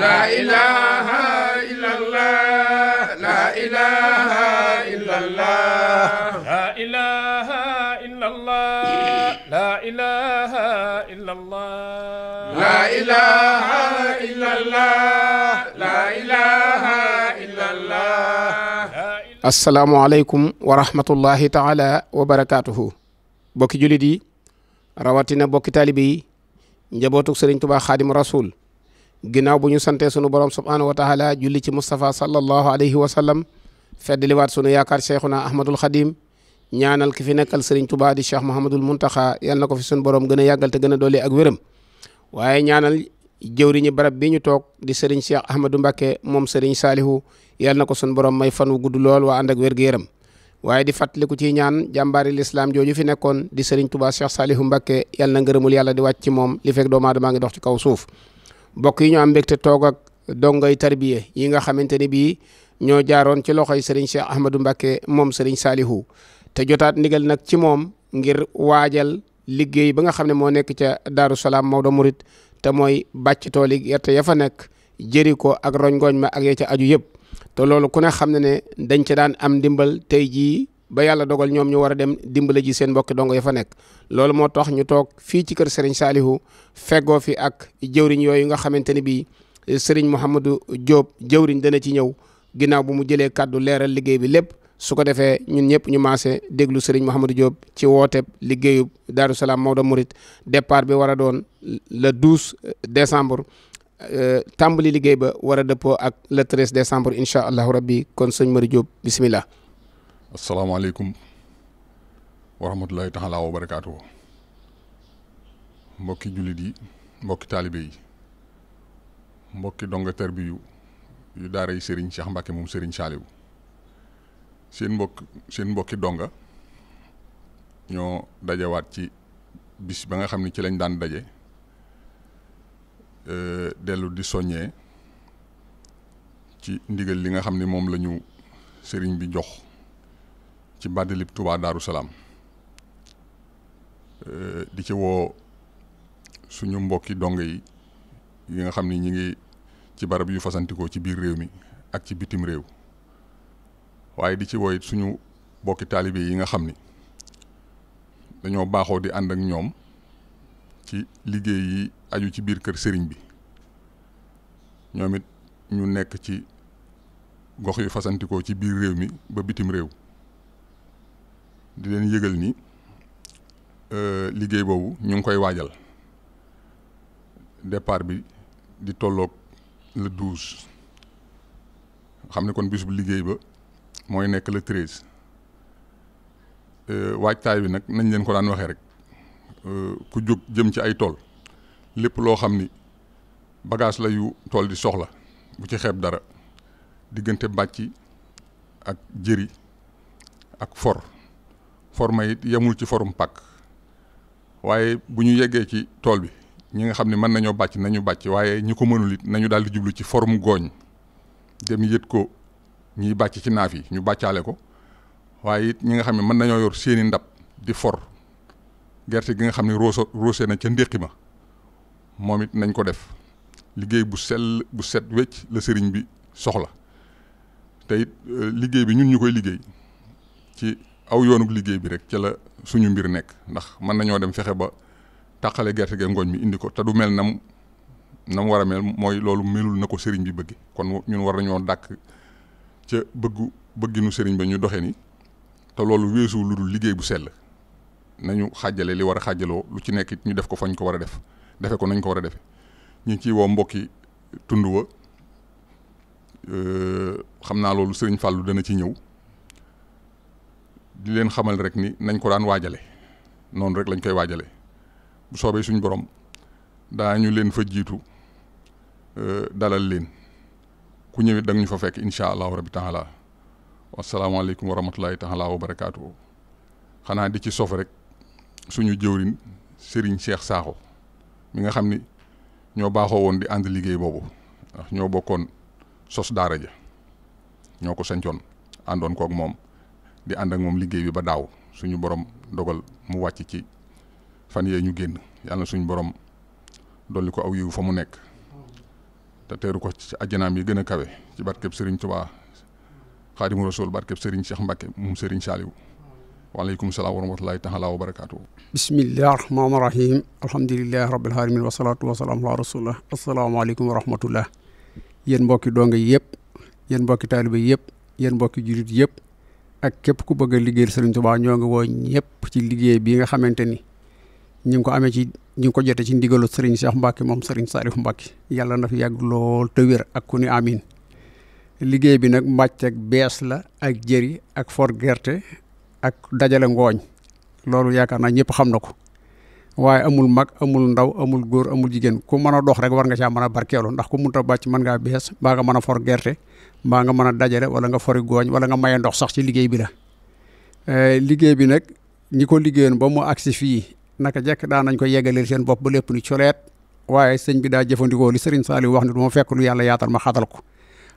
لا إله إلا الله لا إله إلا الله لا إله إلا الله لا إله إلا الله لا إله إلا الله لا إله إلا الله السلام عليكم ورحمة الله تعالى وبركاته بوكي جولي دي rawatina bokki taalibe yi njabootuk sëriñ tubaa xaadim rasul ginnaaw bu ñu santee sunu borom subhaanahu wa taala julli ci Moustapha sallallahu alayhi wa sallam feddliwaat sunu yaakaar naa Ahmadul Xadim ñaanal ki fi nekkal seriñ Tuubaa di cheikh Mouhamadul Muntaxa yal na ko fi sunu borom gën a yàggal te gën a doole ak wéram waaye ñaanal jëwriñi barab bi ñu toog di sëriñ cheikh Ahmadou Mbacke moom sëriñ Saalihu yal na ko sunu borom may fan wu gudd lool waa ànd ak wér gu yaram waaye di fàttaliku ci ñaan jàmbaari lislaam jooju fi nekkoon di sëriñ Tuubaa cheikh Saalihu Mbacke yal na ngërëmul yàlla di wàcc moom li fekk doomu ngi dox ci kaw suuf mbokk yi ñu am mbégte toog ak dongay tarbiye yi nga xamante ne bii ñoo jaaroon ci loxoy sëriñ Cheikh Ahmadou Mbacké moom sëriñ Saalihu te jotaat ndigal nag ci moom ngir waajal liggéey ba nga xam ne moo nekk ca Daaru Salaam Maodo Murit te mooy bàcc tool yi gerte ya fa nekk jëri ko ak roñ gooñ ma ak ya ca aju yëpp te loolu ku ne xam ne ne dañ ca daan am ndimbal tey jii ba yàlla dogal ñoom ñu war a dem dimbale ji seen mbokki dongo ya fa nekk loolu moo tax ñu toog fii ci kër Serigne Salihu feggoo fi ak jëwriñ yooyu nga xamante ne bii Serigne Mouhamadou Diop jëwriñ dana ci ñëw ginnaaw bi mu jëlee kàddu leeral liggéey bi lépp su ko defee ñun ñëpp ñu maase déglu Serigne Mouhamadou jóob ci wooteeb liggéeyub Darou Salaam Maodo Mouride départ bi war a doon le 12 décembre. Euh, tàmbali liggéey ba war a dëppoo ak le 13 décembre incha allahu rabbi kon sëñ Mari Diop bisimilah. asalaamaaleykum wa rahmatulahi taala wa barakaatu mbokki jullit yi mbokki taalibe yi mbokki donga tarbiyu yu daara yi Serigne Cheikh Mbacke moom Serigne Saliou seen mbokk mbokki donga ñoo dajewaat ci bis ba nga xam ne ci lañ daan daje euh, dellu di soññee ci ndigal li nga xam ni moom lañu sëriñ bi jox. ci Mbadilib Touba Daaru Salaam eh, di ci woo suñu mbokki dong yi yi nga xam ni ñi ngi ci barab yu fasantikoo ci biir réew mi ak ci bitim réew waaye di ci woo it suñu mbokki taalibe yi nga xam ni dañoo baaxoo di ànd ak ñoom ci liggéey yi aju ci biir kër sëriñ bi ñoomit ñu nekk ci gox yu fasantikoo ci biir réew mi ba bitim réew di leen yëgal ni euh, liggéey boobu ñu ngi koy waajal départ bi di tolloog le douze xam ne kon bis liggéey ba mooy nekk le treize euh, waajtaay bi nag nañ leen ko daan waxee rek euh, ku jóg jëm ci ay tool lépp loo xam ni bagage la yu tool di soxla bu ci xeeb dara diggante bàcci ak jëri ak for forma it yemul ci forum pak waaye bu ñu yeggee ci tool bi ñi nga xam ne mën nañoo bàcc nañu bàcc waaye ñi ko mënul it nañu daal di jublu ci forum gooñ dem yët ko ñiy bàcc ci naaf yi ñu bàccaale ko waaye it ñi nga xam ne mën nañoo yor seeni ndab di for gerte gi nga xam ne rooso roose na ca ndéqi ma moom it nañ ko def liggéey bu sell bu set wecc la sëriñ bi soxla te euh, liggéey bi ñun ñu koy liggéey ci aw yoonu liggéey bi rek ca la suñu mbir nekk ndax mën nañoo dem fexe ba tàqale gerte ge ngooñ mi indi ko te du mel nam nam war a mel mooy loolu melul na ko sëriñ bi bëgg kon ñun war nañoo dàkk ca bëggu bëgginu sëriñ ba ñu doxe ni te loolu weesu lu dul liggéey bu sell nañu xàjjale li war a xàjjaloo lu ci nekk ñu def ko fañ ko war a def defe ko nañ ko war a defe ñu ngi ciy woo mbokki tund wa xam naa loolu sëriñ Fàllu dana ci ñëw di leen xamal rek ni nañ ko daan waajale noonu rek lañ koy waajale bu soobee suñ borom daañu leen fa jiitu euh, dalal leen ku ñëwit da ñu fa fekk incha allahu rabi taala wasalaamaaleykum wa rahmatulahi taala wa barakaatu xanaa di ci sof rek suñu jëwrin Serigne Cheikh Sakho mi nga xam ni ñoo baaxoo woon di ànd liggéey boobu ndax ñoo bokkoon sos daara ja ñoo ko sancoon àndoon kook moom di ànd ak moom liggéey bi ba daaw suñu borom dogal mu wàcc ci fan yee ñu génn yàlla suñu borom dolli ko aw yiw fa mu nekk te teeru ko ci ajjanaam yi gën a kawe ci barkeb Serigne Touba Xaadimu Rasuul barkeb Serigne Cheikh Mbacke moom Serigne Saliou waaleykum salaam wa rahmatulahi taala wa barakaatu. bisimilah rahmaani rahiim alhamdulilah rabbil aalamiin wasalaatu wasalaam ala rasulillah asalaamaaleykum wa rahmatulah. yéen mbokki donga yëpp yenn mbokki taaliba yëpp yéen mbokki jurit yëpp. ak képp ku bëgg a liggéeyal Sëriñ Tuubaa ñoo ngi woo ñëpp ci liggéey bii nga xamante ni ñu ngi ko amee ci ñu ngi ko jote ci ndigalu Sëriñ Cheikh Mbacke moom Sëriñ Sarif Mbacke yàlla na fi yàgg lool te ak ku ni amin liggéey bi nag mbàcc ak bees la ak jëri ak for gerte ak dajale ngooñ loolu yaakaar naa ñëpp xam na ko waaye amul mag amul ndaw amul góor amul jigéen ku mën a dox rek war nga caa mën a barkeelu ndax ku munta bàcc man ngaa bees mbaa nga mën a for gerte mbaa nga mën a dajale wala nga fori gooñ wala nga maye ndox sax ci liggéey bi la eh, liggéey bi nag ñi ko liggéeyoon ba mu agsi fii naka jekk daan nañ ko yeggaleel seen bopp ba lépp ni coleet waaye sëñ bi daa jëfandikoo li Serigne Saliou wax ni du ma fekk lu yàlla yaatal ma xatal ko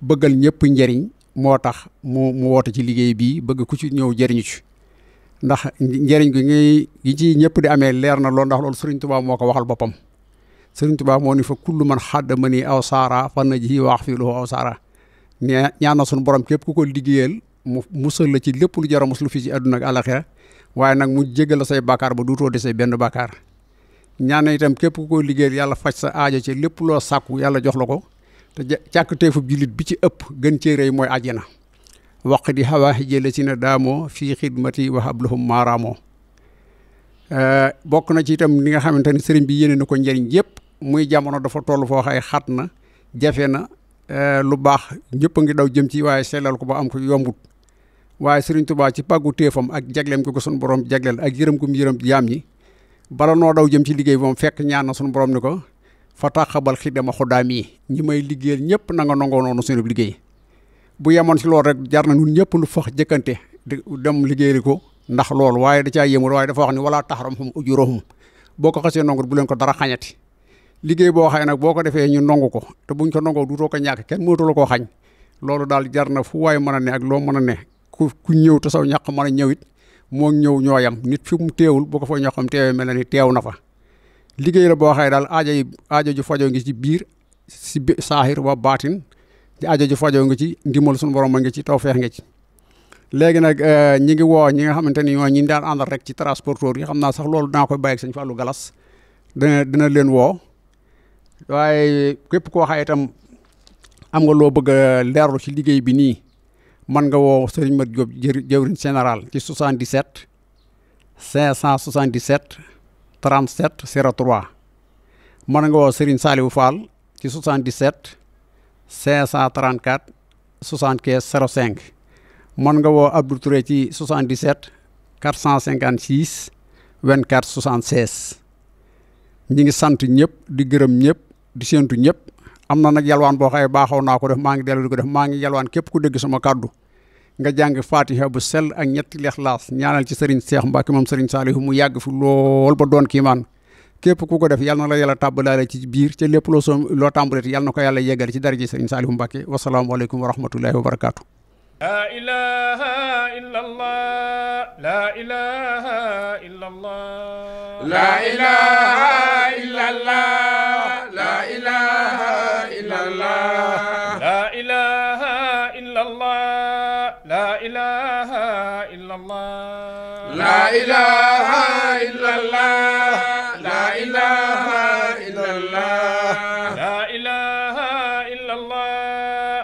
bëggal ñëpp njëriñ moo tax mu mu woote ci liggéey bii bëgg ku ci ñëw jëriñu ci ndax njëriñ gi ngay gi ci ñëpp di amee leer na lool ndax loolu Sëriñ Tuubaa moo ko waxal boppam Sëriñ Tuubaa moo ni fa kullu man xadda ma nii aw saara fan na ji wax fii lu aw saara ñaan na suñu borom képp ku ko liggéeyal mu musal la ci lépp lu jar a muslu fii ci àdduna ak àlaxira waaye nag mu jégal la say bàkkaar ba duutoo desee benn bàkkaar ñaan na itam képp ku ko liggéeyal yàlla faj sa aajo ci lépp loo sakku yàlla jox la ko te càkk teefub jullit bi ci ëpp gën cee rëy mooy àjjana waq di hawaaxije la ci na daamoo fii ma xidmati wa hablahum maaraamoo euh, bokk na ci itam li nga xamante ne sëriñ bi yéene na ko njëriñ yëpp muy jamono dafa toll foo xay xat na jafe na euh, lu baax ñëpp a ngi daw jëm ci waaye sellal ko ba am ko yombut waaye sëriñ Tuubaa ci pàggu téefam ak jagleem ko ko suñu borom jagleel ak yërëm gu mu yërëm jaam yi bala noo daw jëm ci liggéey moom fekk ñaan na sunu borom ni ko fa taxabal xidama xudaam yi ñi may liggéeyal ñëpp na nangoo noonu sunu liggéey bu yemoon si loolu rek jar na ñun ñëpp nu fox jëkkante di dem liggéeyal ko ndax loolu waaye da caa yëmul waaye dafa wax ni wala taxaram ujurohum boo ko xasee nangu bu leen ko dara xañati liggéey boo xëy nag boo ko defee ñu nangu ko te buñ ko nangoo duutoo ko ñàkk kenn mënatu koo xañ loolu daal jar na fu waaye mën a ne ak loo mën a ne ku ku ñëw te saw ñàq mën a ñëw it moo ñëw ñooyam nit fi mu teewul boo ko fa xam teewee mel na ni teew na fa liggéey la boo xëy daal aajo yi aajo ju fajoo ngi si biir si saaxir wa baatin di ajo ji fajoo nga ci ndimbal suñu borom ma nga ci tawfeex nga ci léegi nag eh, ñi ngi woo ñi nga xamante ni ñoo ñi daan àndal rek ci transporteur yi xam naa sax loolu dinaa koy bàyyi ak sëñ Fallou Galas dina dina leen woo waaye képp ko xaye itam am nga loo bëgg a leerlu ci liggéey bi nii man nga woo Serigne Mat Diop jëwriñ général ci 77 577 37 03 man nga woo Serigne Saliou Fall ci 77 534 75 05 mën nga woo Abdou Touré ci 77 456 24 76 ñi ngi sant ñëpp di gërëm ñëpp di séentu ñëpp am na nag yalwaan boo xaye baaxoo naa ko def maa ngi dellu di ko def maa ngi yalwaan képp ku dégg sama kàddu nga jàng fatiha bu sel ak ñetti leex lexlaas ñaanal ci sëriñ Seex Mbàkke moom sëriñ Saalihu mu yàgg fi lool ba doon kiimaan képp ku ko def yal na la yàlla tàbbalaale ci biir ca lépp loo soom loo tàmbalee yal na ko yàlla ci daraja Serigne Saliou Mbacké wasalaamualeykum wa rahmatullahi wa barakaatu. ilaaha illallah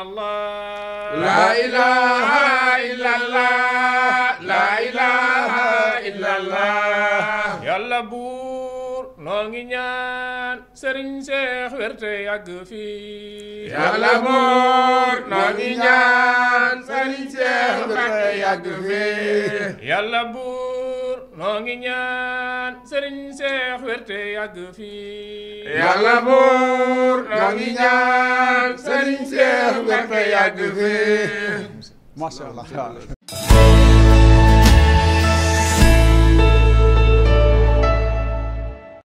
إلا الله لا إله إلا الله لا إله إلا الله يلا بور نونغي ñaan Serigne Cheikh noo ngi ñaan sëriñ seex werte yàgg fii yàlla buur noo ngi ñaan sëriñ seex werte yàgg fii